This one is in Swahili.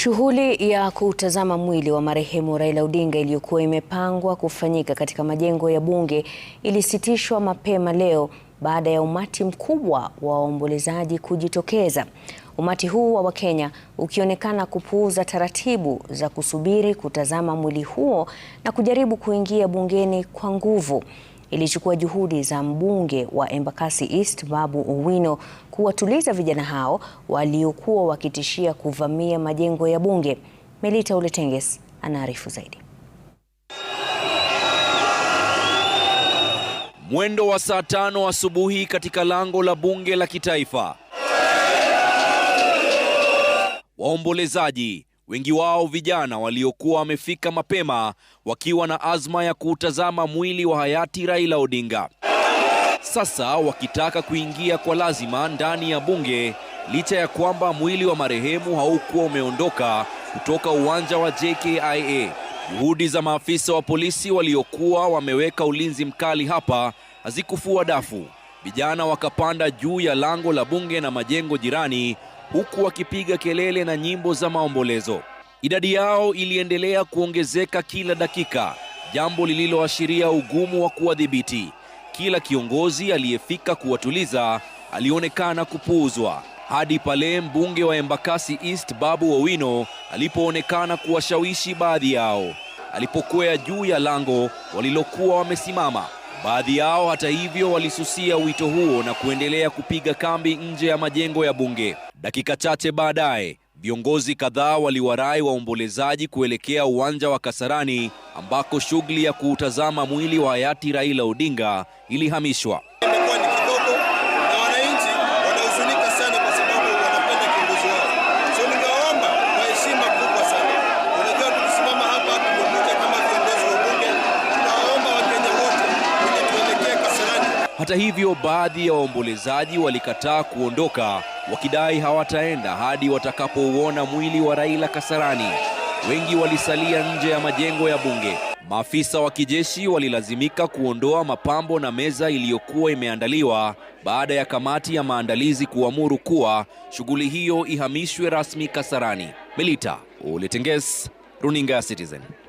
Shughuli ya kutazama mwili wa marehemu Raila Odinga iliyokuwa imepangwa kufanyika katika majengo ya bunge ilisitishwa mapema leo baada ya umati mkubwa wa waombolezaji kujitokeza. Umati huu wa Wakenya ukionekana kupuuza taratibu za kusubiri kutazama mwili huo na kujaribu kuingia bungeni kwa nguvu ilichukua juhudi za mbunge wa Embakasi East Babu Owino kuwatuliza vijana hao waliokuwa wakitishia kuvamia majengo ya bunge. Melita uletenges anaarifu zaidi. Mwendo wa saa tano asubuhi katika lango la bunge la kitaifa, waombolezaji wengi wao vijana waliokuwa wamefika mapema wakiwa na azma ya kuutazama mwili wa hayati Raila Odinga, sasa wakitaka kuingia kwa lazima ndani ya bunge licha ya kwamba mwili wa marehemu haukuwa umeondoka kutoka uwanja wa JKIA. Juhudi za maafisa wa polisi waliokuwa wameweka ulinzi mkali hapa hazikufua dafu. Vijana wakapanda juu ya lango la bunge na majengo jirani huku wakipiga kelele na nyimbo za maombolezo. Idadi yao iliendelea kuongezeka kila dakika, jambo lililoashiria ugumu wa kuwadhibiti. Kila kiongozi aliyefika kuwatuliza alionekana kupuuzwa hadi pale mbunge wa Embakasi East Babu Owino alipoonekana kuwashawishi baadhi yao alipokwea juu ya lango walilokuwa wamesimama. Baadhi yao hata hivyo walisusia wito huo na kuendelea kupiga kambi nje ya majengo ya bunge. Dakika chache baadaye, viongozi kadhaa waliwarai waombolezaji kuelekea uwanja wa Kasarani ambako shughuli ya kuutazama mwili wa hayati Raila Odinga ilihamishwa. Hata hivyo, baadhi ya waombolezaji walikataa kuondoka, wakidai hawataenda hadi watakapouona mwili wa Raila Kasarani. Wengi walisalia nje ya majengo ya bunge. Maafisa wa kijeshi walilazimika kuondoa mapambo na meza iliyokuwa imeandaliwa baada ya kamati ya maandalizi kuamuru kuwa shughuli hiyo ihamishwe rasmi Kasarani. Melita Oletenges, Runinga Citizen.